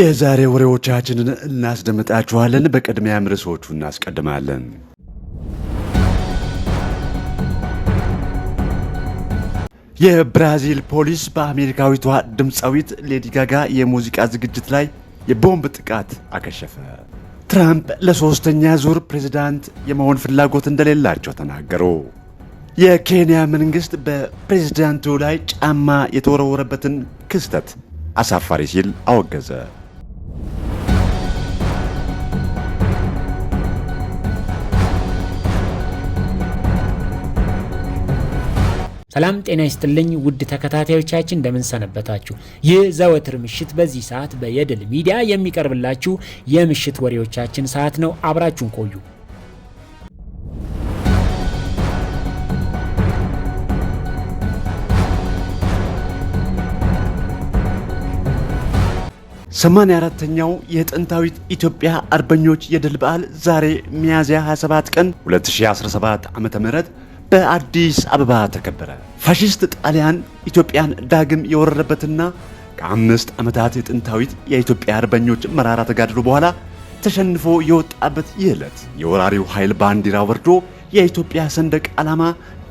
የዛሬ ወሬዎቻችንን እናስደምጣችኋለን። በቅድሚያም ርዕሶቹ እናስቀድማለን። የብራዚል ፖሊስ በአሜሪካዊቷ ድምፃዊት ሌዲ ጋጋ የሙዚቃ ዝግጅት ላይ የቦምብ ጥቃት አከሸፈ። ትራምፕ ለሶስተኛ ዙር ፕሬዝዳንት የመሆን ፍላጎት እንደሌላቸው ተናገሩ። የኬንያ መንግስት በፕሬዝዳንቱ ላይ ጫማ የተወረወረበትን ክስተት አሳፋሪ ሲል አወገዘ። ሰላም ጤና ይስጥልኝ ውድ ተከታታዮቻችን እንደምን ሰነበታችሁ። ይህ ዘወትር ምሽት በዚህ ሰዓት በየድል ሚዲያ የሚቀርብላችሁ የምሽት ወሬዎቻችን ሰዓት ነው። አብራችሁን ቆዩ። ሰማንያ አራተኛው የጥንታዊት ኢትዮጵያ አርበኞች የድል በዓል ዛሬ ሚያዝያ 27 ቀን 2017 ዓ.ም በአዲስ አበባ ተከበረ። ፋሽስት ጣሊያን ኢትዮጵያን ዳግም የወረረበትና ከአምስት ዓመታት የጥንታዊት የኢትዮጵያ አርበኞች መራራ ተጋድሎ በኋላ ተሸንፎ የወጣበት ይህ ዕለት የወራሪው ኃይል ባንዲራ ወርዶ የኢትዮጵያ ሰንደቅ ዓላማ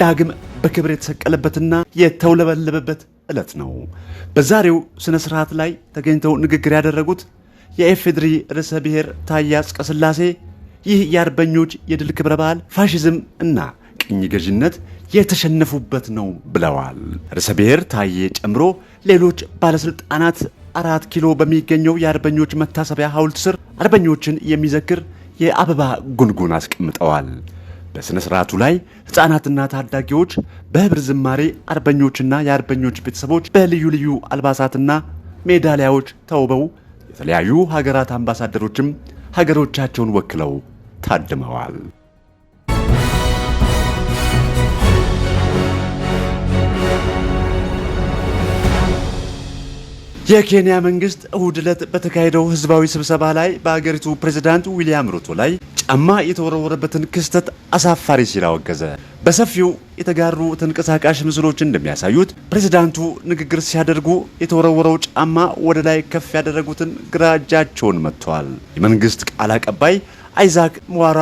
ዳግም በክብር የተሰቀለበትና የተውለበለበበት ዕለት ነው። በዛሬው ሥነ ሥርዓት ላይ ተገኝተው ንግግር ያደረጉት የኤፌድሪ ርዕሰ ብሔር ታዬ አጽቀሥላሴ ይህ የአርበኞች የድል ክብረ በዓል ፋሽዝም እና ቅኝ ገዥነት የተሸነፉበት ነው ብለዋል። ርዕሰ ብሔር ታዬ ጨምሮ ሌሎች ባለስልጣናት አራት ኪሎ በሚገኘው የአርበኞች መታሰቢያ ሐውልት ስር አርበኞችን የሚዘክር የአበባ ጉንጉን አስቀምጠዋል። በሥነ ሥርዓቱ ላይ ሕፃናትና ታዳጊዎች በኅብር ዝማሬ፣ አርበኞችና የአርበኞች ቤተሰቦች በልዩ ልዩ አልባሳትና ሜዳሊያዎች ተውበው የተለያዩ ሀገራት አምባሳደሮችም ሀገሮቻቸውን ወክለው ታድመዋል። የኬንያ መንግስት እሁድ ዕለት በተካሄደው ህዝባዊ ስብሰባ ላይ በአገሪቱ ፕሬዝዳንት ዊሊያም ሩቶ ላይ ጫማ የተወረወረበትን ክስተት አሳፋሪ ሲል አወገዘ። በሰፊው የተጋሩ ተንቀሳቃሽ ምስሎች እንደሚያሳዩት ፕሬዝዳንቱ ንግግር ሲያደርጉ የተወረወረው ጫማ ወደ ላይ ከፍ ያደረጉትን ግራ እጃቸውን መጥተዋል። የመንግስት ቃል አቀባይ አይዛክ ሟራ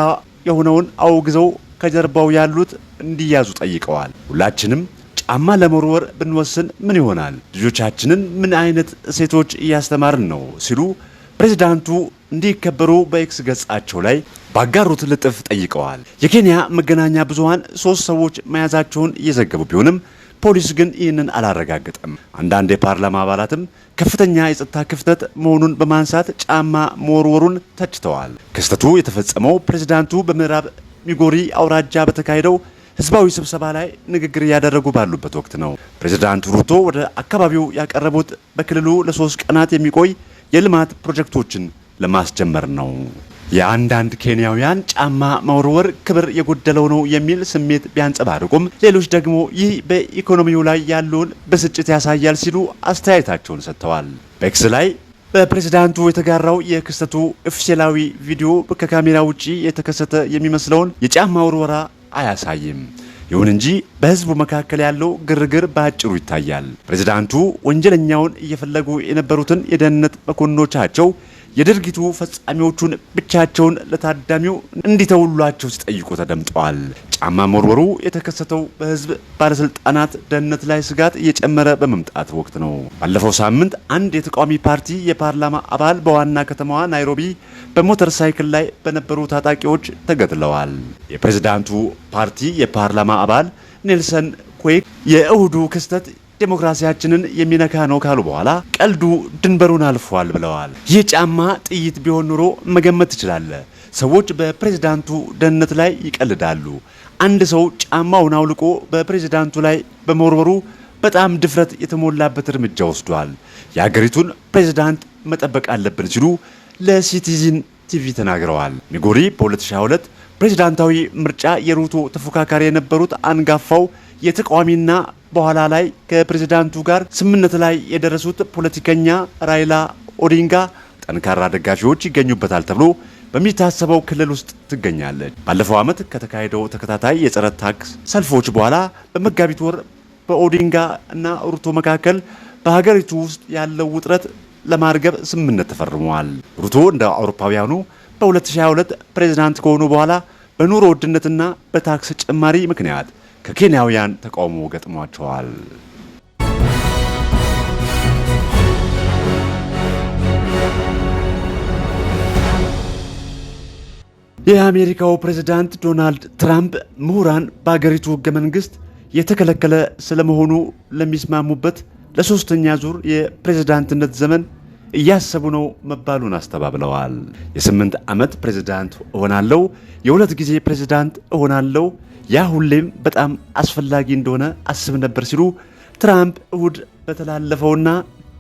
የሆነውን አውግዘው ከጀርባው ያሉት እንዲያዙ ጠይቀዋል። ሁላችንም ጫማ ለመወርወር ብንወስን ምን ይሆናል? ልጆቻችንን ምን አይነት እሴቶች እያስተማርን ነው? ሲሉ ፕሬዚዳንቱ እንዲከበሩ በኤክስ ገጻቸው ላይ ባጋሩት ልጥፍ ጠይቀዋል። የኬንያ መገናኛ ብዙሃን ሶስት ሰዎች መያዛቸውን እየዘገቡ ቢሆንም ፖሊስ ግን ይህንን አላረጋገጠም። አንዳንድ የፓርላማ አባላትም ከፍተኛ የጸጥታ ክፍተት መሆኑን በማንሳት ጫማ መወርወሩን ተችተዋል። ክስተቱ የተፈጸመው ፕሬዚዳንቱ በምዕራብ ሚጎሪ አውራጃ በተካሄደው ህዝባዊ ስብሰባ ላይ ንግግር እያደረጉ ባሉበት ወቅት ነው። ፕሬዚዳንት ሩቶ ወደ አካባቢው ያቀረቡት በክልሉ ለሶስት ቀናት የሚቆይ የልማት ፕሮጀክቶችን ለማስጀመር ነው። የአንዳንድ ኬንያውያን ጫማ መወርወር ክብር የጎደለው ነው የሚል ስሜት ቢያንጸባርቁም ሌሎች ደግሞ ይህ በኢኮኖሚው ላይ ያለውን ብስጭት ያሳያል ሲሉ አስተያየታቸውን ሰጥተዋል። በኤክስ ላይ በፕሬዝዳንቱ የተጋራው የክስተቱ ኦፊሴላዊ ቪዲዮ ከካሜራ ውጪ የተከሰተ የሚመስለውን የጫማ ውርወራ አያሳይም። ይሁን እንጂ በህዝቡ መካከል ያለው ግርግር በአጭሩ ይታያል። ፕሬዝዳንቱ ወንጀለኛውን እየፈለጉ የነበሩትን የደህንነት መኮንኖቻቸው የድርጊቱ ፈጻሚዎቹን ብቻቸውን ለታዳሚው እንዲተውሏቸው ሲጠይቁ ተደምጠዋል። ጫማ መወርወሩ የተከሰተው በህዝብ ባለስልጣናት ደህንነት ላይ ስጋት እየጨመረ በመምጣት ወቅት ነው። ባለፈው ሳምንት አንድ የተቃዋሚ ፓርቲ የፓርላማ አባል በዋና ከተማዋ ናይሮቢ በሞተር ሳይክል ላይ በነበሩ ታጣቂዎች ተገድለዋል። የፕሬዝዳንቱ ፓርቲ የፓርላማ አባል ኔልሰን ኩዌክ የእሁዱ ክስተት ዴሞክራሲያችንን የሚነካ ነው ካሉ በኋላ ቀልዱ ድንበሩን አልፏል ብለዋል። ይህ ጫማ ጥይት ቢሆን ኑሮ መገመት ትችላለ። ሰዎች በፕሬዝዳንቱ ደህንነት ላይ ይቀልዳሉ። አንድ ሰው ጫማውን አውልቆ በፕሬዝዳንቱ ላይ በመወርወሩ በጣም ድፍረት የተሞላበት እርምጃ ወስዷል። የሀገሪቱን ፕሬዝዳንት መጠበቅ አለብን ሲሉ ለሲቲዝን ቲቪ ተናግረዋል። ሚጎሪ በ2022 ፕሬዝዳንታዊ ምርጫ የሩቶ ተፎካካሪ የነበሩት አንጋፋው የተቃዋሚና በኋላ ላይ ከፕሬዝዳንቱ ጋር ስምምነት ላይ የደረሱት ፖለቲከኛ ራይላ ኦዲንጋ ጠንካራ ደጋፊዎች ይገኙበታል ተብሎ በሚታሰበው ክልል ውስጥ ትገኛለች። ባለፈው ዓመት ከተካሄደው ተከታታይ የጸረ ታክስ ሰልፎች በኋላ በመጋቢት ወር በኦዲንጋ እና ሩቶ መካከል በሀገሪቱ ውስጥ ያለው ውጥረት ለማርገብ ስምምነት ተፈርመዋል። ሩቶ እንደ አውሮፓውያኑ በ2022 ፕሬዝዳንት ከሆኑ በኋላ በኑሮ ውድነትና በታክስ ጭማሪ ምክንያት ከኬንያውያን ተቃውሞ ገጥሟቸዋል። የአሜሪካው ፕሬዝዳንት ዶናልድ ትራምፕ ምሁራን በአገሪቱ ህገ መንግሥት የተከለከለ ስለመሆኑ ለሚስማሙበት ለሶስተኛ ዙር የፕሬዝዳንትነት ዘመን እያሰቡ ነው መባሉን አስተባብለዋል። የስምንት ዓመት ፕሬዝዳንት እሆናለሁ፣ የሁለት ጊዜ ፕሬዝዳንት እሆናለሁ፣ ያ ሁሌም በጣም አስፈላጊ እንደሆነ አስብ ነበር ሲሉ ትራምፕ እሁድ በተላለፈውና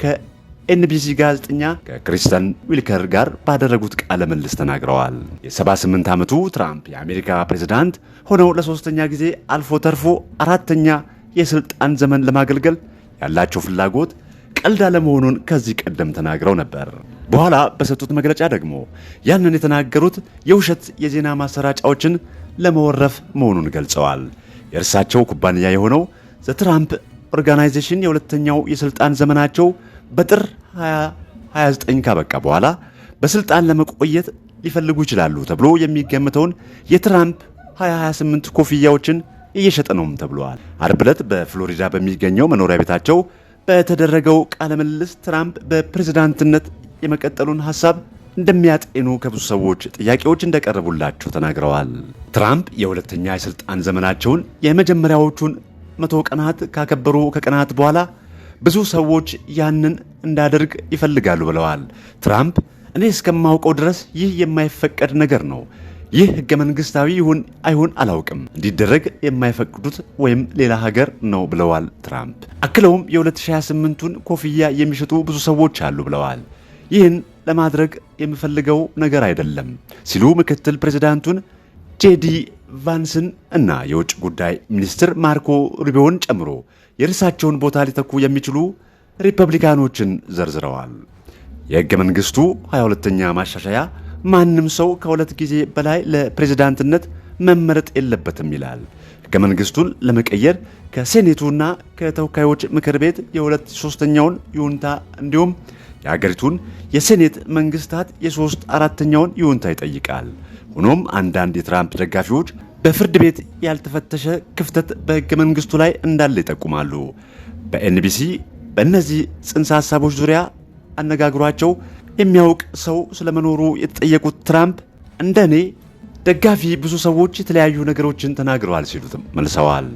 ከኤንቢሲ ጋዜጠኛ ከክሪስተን ዊልከር ጋር ባደረጉት ቃለ ምልልስ ተናግረዋል። የ78 ዓመቱ ትራምፕ የአሜሪካ ፕሬዝዳንት ሆነው ለሶስተኛ ጊዜ አልፎ ተርፎ አራተኛ የስልጣን ዘመን ለማገልገል ያላቸው ፍላጎት ቀልድ አለመሆኑን ከዚህ ቀደም ተናግረው ነበር። በኋላ በሰጡት መግለጫ ደግሞ ያንን የተናገሩት የውሸት የዜና ማሰራጫዎችን ለመወረፍ መሆኑን ገልጸዋል። የእርሳቸው ኩባንያ የሆነው ትራምፕ ኦርጋናይዜሽን የሁለተኛው የሥልጣን ዘመናቸው በጥር 29 ካበቃ በኋላ በሥልጣን ለመቆየት ሊፈልጉ ይችላሉ ተብሎ የሚገምተውን የትራምፕ 2028 ኮፍያዎችን እየሸጠ ነውም ተብለዋል። አርብ ዕለት በፍሎሪዳ በሚገኘው መኖሪያ ቤታቸው በተደረገው ቃለ ምልልስ ትራምፕ በፕሬዝዳንትነት የመቀጠሉን ሐሳብ እንደሚያጤኑ ከብዙ ሰዎች ጥያቄዎች እንደቀረቡላቸው ተናግረዋል። ትራምፕ የሁለተኛ የሥልጣን ዘመናቸውን የመጀመሪያዎቹን መቶ ቀናት ካከበሩ ከቀናት በኋላ ብዙ ሰዎች ያንን እንዳደርግ ይፈልጋሉ ብለዋል። ትራምፕ እኔ እስከማውቀው ድረስ ይህ የማይፈቀድ ነገር ነው። ይህ ህገ መንግሥታዊ ይሁን አይሁን አላውቅም፣ እንዲደረግ የማይፈቅዱት ወይም ሌላ ሀገር ነው ብለዋል ትራምፕ። አክለውም የ2028ቱን ኮፍያ የሚሸጡ ብዙ ሰዎች አሉ ብለዋል። ይህን ለማድረግ የምፈልገው ነገር አይደለም ሲሉ ምክትል ፕሬዚዳንቱን ጄዲ ቫንስን እና የውጭ ጉዳይ ሚኒስትር ማርኮ ሩቢዮን ጨምሮ የእርሳቸውን ቦታ ሊተኩ የሚችሉ ሪፐብሊካኖችን ዘርዝረዋል። የሕገ መንግሥቱ 22ኛ ማሻሻያ ማንም ሰው ከሁለት ጊዜ በላይ ለፕሬዝዳንትነት መመረጥ የለበትም ይላል። ሕገ መንግሥቱን ለመቀየር ከሴኔቱና ከተወካዮች ምክር ቤት የሁለት ሶስተኛውን ይሁንታ እንዲሁም የሀገሪቱን የሴኔት መንግስታት የሶስት አራተኛውን ይሁንታ ይጠይቃል። ሆኖም አንዳንድ የትራምፕ ደጋፊዎች በፍርድ ቤት ያልተፈተሸ ክፍተት በሕገ መንግሥቱ ላይ እንዳለ ይጠቁማሉ። በኤንቢሲ በእነዚህ ጽንሰ ሐሳቦች ዙሪያ አነጋግሯቸው የሚያውቅ ሰው ስለመኖሩ የተጠየቁት ትራምፕ እንደ እኔ ደጋፊ ብዙ ሰዎች የተለያዩ ነገሮችን ተናግረዋል ሲሉትም መልሰዋል።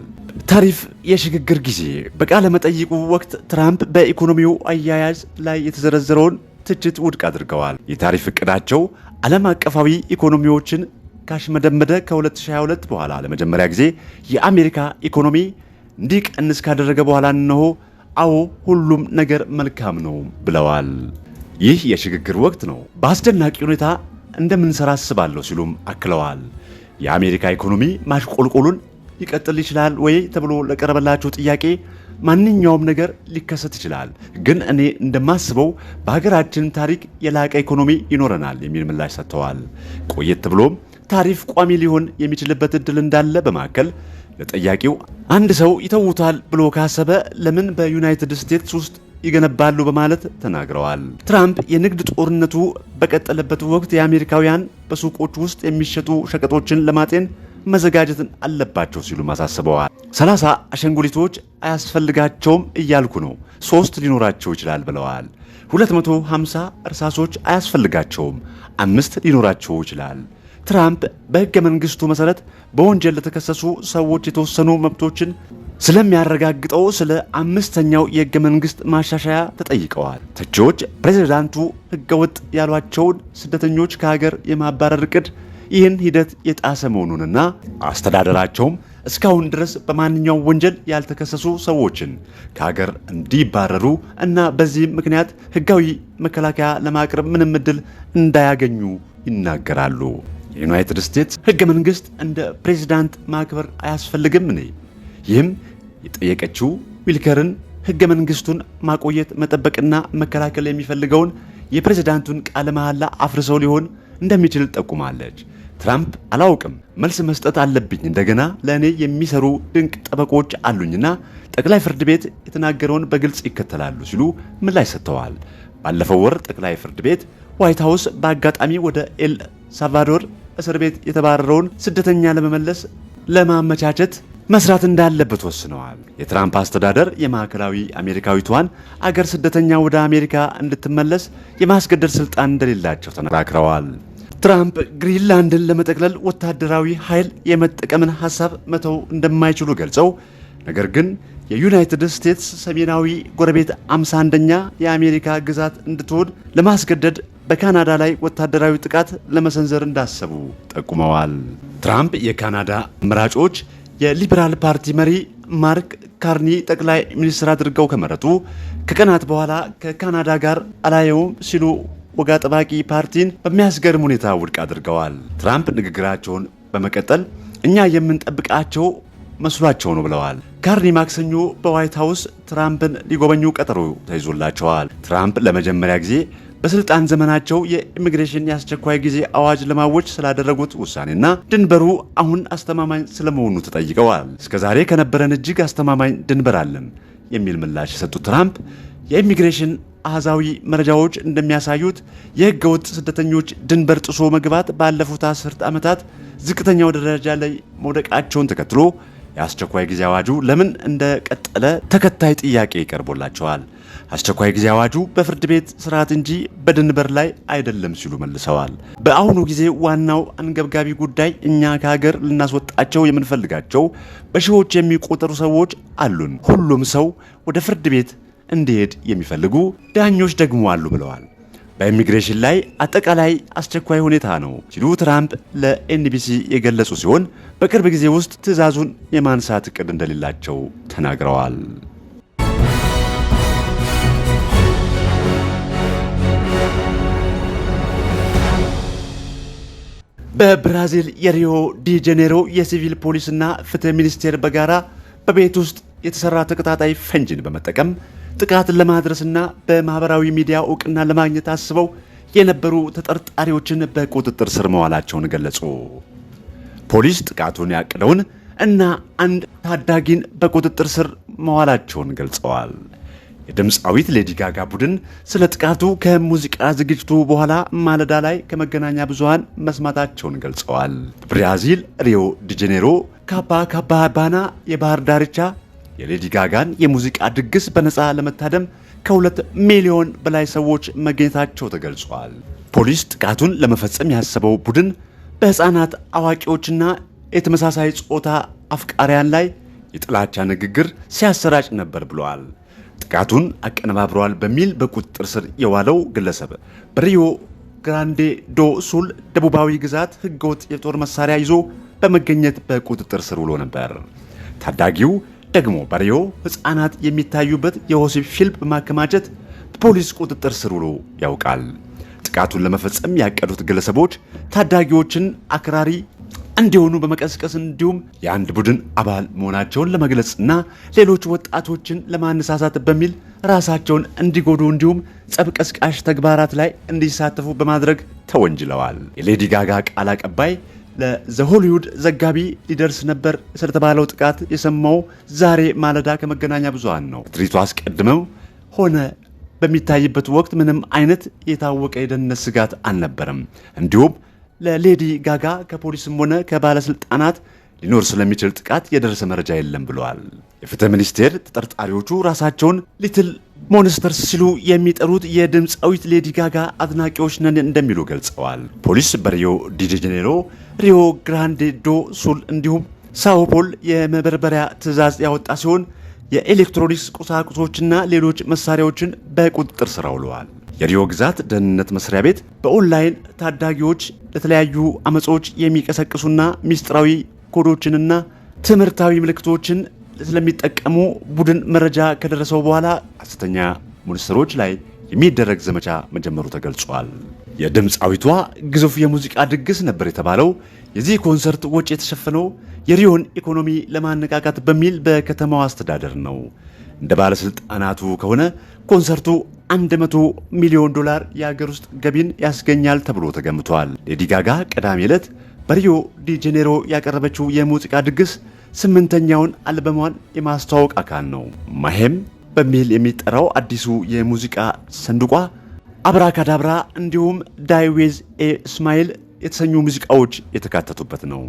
ታሪፍ የሽግግር ጊዜ በቃለ መጠይቁ ወቅት ትራምፕ በኢኮኖሚው አያያዝ ላይ የተዘረዘረውን ትችት ውድቅ አድርገዋል። የታሪፍ እቅዳቸው ዓለም አቀፋዊ ኢኮኖሚዎችን ካሽመደመደ ከ2022 በኋላ ለመጀመሪያ ጊዜ የአሜሪካ ኢኮኖሚ እንዲቀንስ ካደረገ በኋላ እነሆ አዎ ሁሉም ነገር መልካም ነው ብለዋል። ይህ የሽግግር ወቅት ነው፣ በአስደናቂ ሁኔታ እንደምንሰራ አስባለሁ ሲሉም አክለዋል። የአሜሪካ ኢኮኖሚ ማሽቆልቆሉን ሊቀጥል ይችላል ወይ ተብሎ ለቀረበላቸው ጥያቄ ማንኛውም ነገር ሊከሰት ይችላል፣ ግን እኔ እንደማስበው በሀገራችን ታሪክ የላቀ ኢኮኖሚ ይኖረናል የሚል ምላሽ ሰጥተዋል። ቆየት ብሎም ታሪፍ ቋሚ ሊሆን የሚችልበት እድል እንዳለ በማከል ለጠያቂው አንድ ሰው ይተውታል ብሎ ካሰበ ለምን በዩናይትድ ስቴትስ ውስጥ ይገነባሉ በማለት ተናግረዋል። ትራምፕ የንግድ ጦርነቱ በቀጠለበት ወቅት የአሜሪካውያን በሱቆች ውስጥ የሚሸጡ ሸቀጦችን ለማጤን መዘጋጀትን አለባቸው ሲሉ አሳስበዋል። ሰላሳ አሻንጉሊቶች አያስፈልጋቸውም እያልኩ ነው፣ ሶስት ሊኖራቸው ይችላል ብለዋል። 250 እርሳሶች አያስፈልጋቸውም፣ አምስት ሊኖራቸው ይችላል። ትራምፕ በሕገ መንግሥቱ መሠረት በወንጀል ለተከሰሱ ሰዎች የተወሰኑ መብቶችን ስለሚያረጋግጠው ስለ አምስተኛው የሕገ መንግሥት ማሻሻያ ተጠይቀዋል። ተቺዎች ፕሬዚዳንቱ ሕገ ያሏቸውን ስደተኞች ከሀገር የማባረር ዕቅድ ይህን ሂደት የጣሰ መሆኑንና አስተዳደራቸውም እስካሁን ድረስ በማንኛውም ወንጀል ያልተከሰሱ ሰዎችን ከሀገር እንዲባረሩ እና በዚህም ምክንያት ሕጋዊ መከላከያ ለማቅረብ ምንም ዕድል እንዳያገኙ ይናገራሉ። የዩናይትድ ስቴትስ ሕገ መንግሥት እንደ ፕሬዚዳንት ማክበር አያስፈልግም ኔ ይህም የጠየቀችው ዊልከርን ሕገ መንግሥቱን ማቆየት መጠበቅና መከላከል የሚፈልገውን የፕሬዚዳንቱን ቃለ መሐላ አፍርሰው ሊሆን እንደሚችል ጠቁማለች። ትራምፕ አላውቅም መልስ መስጠት አለብኝ፣ እንደገና ለእኔ የሚሰሩ ድንቅ ጠበቆች አሉኝና ጠቅላይ ፍርድ ቤት የተናገረውን በግልጽ ይከተላሉ ሲሉ ምላሽ ሰጥተዋል። ባለፈው ወር ጠቅላይ ፍርድ ቤት ዋይት ሀውስ በአጋጣሚ ወደ ኤል ሳልቫዶር እስር ቤት የተባረረውን ስደተኛ ለመመለስ ለማመቻቸት መስራት እንዳለበት ወስነዋል። የትራምፕ አስተዳደር የማዕከላዊ አሜሪካዊቷን አገር ስደተኛ ወደ አሜሪካ እንድትመለስ የማስገደድ ስልጣን እንደሌላቸው ተናግረዋል። ትራምፕ ግሪንላንድን ለመጠቅለል ወታደራዊ ኃይል የመጠቀምን ሀሳብ መተው እንደማይችሉ ገልጸው ነገር ግን የዩናይትድ ስቴትስ ሰሜናዊ ጎረቤት 51ኛ የአሜሪካ ግዛት እንድትሆን ለማስገደድ በካናዳ ላይ ወታደራዊ ጥቃት ለመሰንዘር እንዳሰቡ ጠቁመዋል። ትራምፕ የካናዳ መራጮች የሊበራል ፓርቲ መሪ ማርክ ካርኒ ጠቅላይ ሚኒስትር አድርገው ከመረጡ ከቀናት በኋላ ከካናዳ ጋር አላየውም ሲሉ ወግ አጥባቂ ፓርቲን በሚያስገርም ሁኔታ ውድቅ አድርገዋል። ትራምፕ ንግግራቸውን በመቀጠል እኛ የምንጠብቃቸው መስሏቸው ነው ብለዋል። ካርኒ ማክሰኞ በዋይት ሀውስ ትራምፕን ሊጎበኙ ቀጠሮ ተይዞላቸዋል። ትራምፕ ለመጀመሪያ ጊዜ በስልጣን ዘመናቸው የኢሚግሬሽን የአስቸኳይ ጊዜ አዋጅ ለማወጅ ስላደረጉት ውሳኔና ድንበሩ አሁን አስተማማኝ ስለመሆኑ ተጠይቀዋል። እስከዛሬ ከነበረን እጅግ አስተማማኝ ድንበር አለን የሚል ምላሽ የሰጡት ትራምፕ የኢሚግሬሽን አዛዊ መረጃዎች እንደሚያሳዩት የህገ ወጥ ስደተኞች ድንበር ጥሶ መግባት ባለፉት አስርት ዓመታት ዝቅተኛው ደረጃ ላይ መውደቃቸውን ተከትሎ የአስቸኳይ ጊዜ አዋጁ ለምን እንደቀጠለ ተከታይ ጥያቄ ይቀርቦላቸዋል። አስቸኳይ ጊዜ አዋጁ በፍርድ ቤት ስርዓት እንጂ በድንበር ላይ አይደለም ሲሉ መልሰዋል። በአሁኑ ጊዜ ዋናው አንገብጋቢ ጉዳይ እኛ ከሀገር ልናስወጣቸው የምንፈልጋቸው በሺዎች የሚቆጠሩ ሰዎች አሉን። ሁሉም ሰው ወደ ፍርድ ቤት እንዲሄድ የሚፈልጉ ዳኞች ደግሞ አሉ ብለዋል። በኢሚግሬሽን ላይ አጠቃላይ አስቸኳይ ሁኔታ ነው ሲሉ ትራምፕ ለኤንቢሲ የገለጹ ሲሆን በቅርብ ጊዜ ውስጥ ትዕዛዙን የማንሳት እቅድ እንደሌላቸው ተናግረዋል። በብራዚል የሪዮ ዲ ጄኔሮ የሲቪል ፖሊስና ፍትህ ሚኒስቴር በጋራ በቤት ውስጥ የተሰራ ተቀጣጣይ ፈንጂን በመጠቀም ጥቃትን ለማድረስና በማህበራዊ ሚዲያ እውቅና ለማግኘት አስበው የነበሩ ተጠርጣሪዎችን በቁጥጥር ስር መዋላቸውን ገለጹ። ፖሊስ ጥቃቱን ያቅደውን እና አንድ ታዳጊን በቁጥጥር ስር መዋላቸውን ገልጸዋል። የድምፃዊት ሌዲ ጋጋ ቡድን ስለ ጥቃቱ ከሙዚቃ ዝግጅቱ በኋላ ማለዳ ላይ ከመገናኛ ብዙሃን መስማታቸውን ገልጸዋል። ብራዚል ሪዮ ዲ ጄኔሮ፣ ካባ ካባ ባና የባህር ዳርቻ የሌዲ ጋጋን የሙዚቃ ድግስ በነፃ ለመታደም ከሁለት ሚሊዮን በላይ ሰዎች መገኘታቸው ተገልጿል። ፖሊስ ጥቃቱን ለመፈጸም ያሰበው ቡድን በሕፃናት አዋቂዎችና የተመሳሳይ ጾታ አፍቃሪያን ላይ የጥላቻ ንግግር ሲያሰራጭ ነበር ብለዋል። ጥቃቱን አቀነባብረዋል በሚል በቁጥጥር ስር የዋለው ግለሰብ በሪዮ ግራንዴ ዶ ሱል ደቡባዊ ግዛት ህገወጥ የጦር መሳሪያ ይዞ በመገኘት በቁጥጥር ስር ውሎ ነበር። ታዳጊው ደግሞ በሬዮ ሕፃናት የሚታዩበት የወሲብ ፊልም በማከማቸት በፖሊስ ቁጥጥር ስር ውሎ ያውቃል። ጥቃቱን ለመፈጸም ያቀዱት ግለሰቦች ታዳጊዎችን አክራሪ እንዲሆኑ በመቀስቀስ እንዲሁም የአንድ ቡድን አባል መሆናቸውን ለመግለጽና ሌሎች ወጣቶችን ለማነሳሳት በሚል ራሳቸውን እንዲጎዱ እንዲሁም ጸብ ቀስቃሽ ተግባራት ላይ እንዲሳተፉ በማድረግ ተወንጅለዋል። የሌዲ ጋጋ ቃል አቀባይ ለዘሆሊውድ ዘጋቢ ሊደርስ ነበር ስለተባለው ጥቃት የሰማው ዛሬ ማለዳ ከመገናኛ ብዙሃን ነው። ድሪቱ አስቀድመው ሆነ በሚታይበት ወቅት ምንም አይነት የታወቀ የደህንነት ስጋት አልነበረም። እንዲሁም ለሌዲ ጋጋ ከፖሊስም ሆነ ከባለስልጣናት ሊኖር ስለሚችል ጥቃት የደረሰ መረጃ የለም ብለዋል። የፍትህ ሚኒስቴር ተጠርጣሪዎቹ ራሳቸውን ሊትል ሞንስተርስ ሲሉ የሚጠሩት የድምፃዊት ሌዲ ጋጋ አድናቂዎች ነን እንደሚሉ ገልጸዋል። ፖሊስ በሪዮ ዲጀኔሮ፣ ሪዮ ግራንዴ ዶ ሱል እንዲሁም ሳውፖል የመበርበሪያ ትዕዛዝ ያወጣ ሲሆን የኤሌክትሮኒክስ ቁሳቁሶችና ሌሎች መሳሪያዎችን በቁጥጥር ስር አውለዋል። የሪዮ ግዛት ደህንነት መስሪያ ቤት በኦንላይን ታዳጊዎች ለተለያዩ አመጾች የሚቀሰቅሱና ሚስጥራዊ ኮዶችንና ትምህርታዊ ምልክቶችን ስለሚጠቀሙ ቡድን መረጃ ከደረሰው በኋላ ሐሰተኛ ሙኒስትሮች ላይ የሚደረግ ዘመቻ መጀመሩ ተገልጿል። የድምፃዊቷ ግዙፍ የሙዚቃ ድግስ ነበር የተባለው የዚህ ኮንሰርት ወጪ የተሸፈነው የሪዮን ኢኮኖሚ ለማነቃቃት በሚል በከተማዋ አስተዳደር ነው። እንደ ባለሥልጣናቱ ከሆነ ኮንሰርቱ 100 ሚሊዮን ዶላር የአገር ውስጥ ገቢን ያስገኛል ተብሎ ተገምቷል። ሌዲ ጋጋ ቅዳሜ ዕለት በሪዮ ዲ ጄኔሮ ያቀረበችው የሙዚቃ ድግስ ስምንተኛውን አልበሟን የማስተዋወቅ አካል ነው። ማሄም በሚል የሚጠራው አዲሱ የሙዚቃ ሰንዱቋ አብራካዳብራ እንዲሁም ዳይዌዝ ኤ ስማይል የተሰኙ ሙዚቃዎች የተካተቱበት ነው።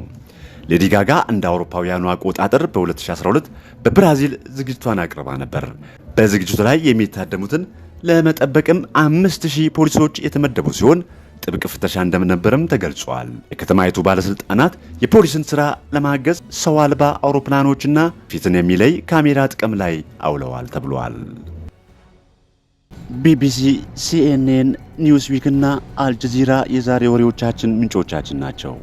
ሌዲ ጋጋ እንደ አውሮፓውያኑ አቆጣጠር በ2012 በብራዚል ዝግጅቷን አቅርባ ነበር። በዝግጅቱ ላይ የሚታደሙትን ለመጠበቅም 5000 ፖሊሶች የተመደቡ ሲሆን ጥብቅ ፍተሻ እንደነበረም ተገልጿል። የከተማይቱ ባለስልጣናት የፖሊስን ስራ ለማገዝ ሰው አልባ አውሮፕላኖችና ፊትን የሚለይ ካሜራ ጥቅም ላይ አውለዋል ተብሏል። ቢቢሲ፣ ሲኤንኤን፣ ኒውስዊክ እና አልጀዚራ የዛሬ ወሬዎቻችን ምንጮቻችን ናቸው።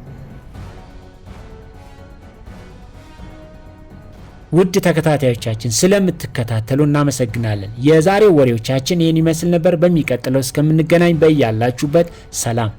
ውድ ተከታታዮቻችን ስለምትከታተሉ እናመሰግናለን። የዛሬው ወሬዎቻችን ይህን ይመስል ነበር። በሚቀጥለው እስከምንገናኝ በያላችሁበት ሰላም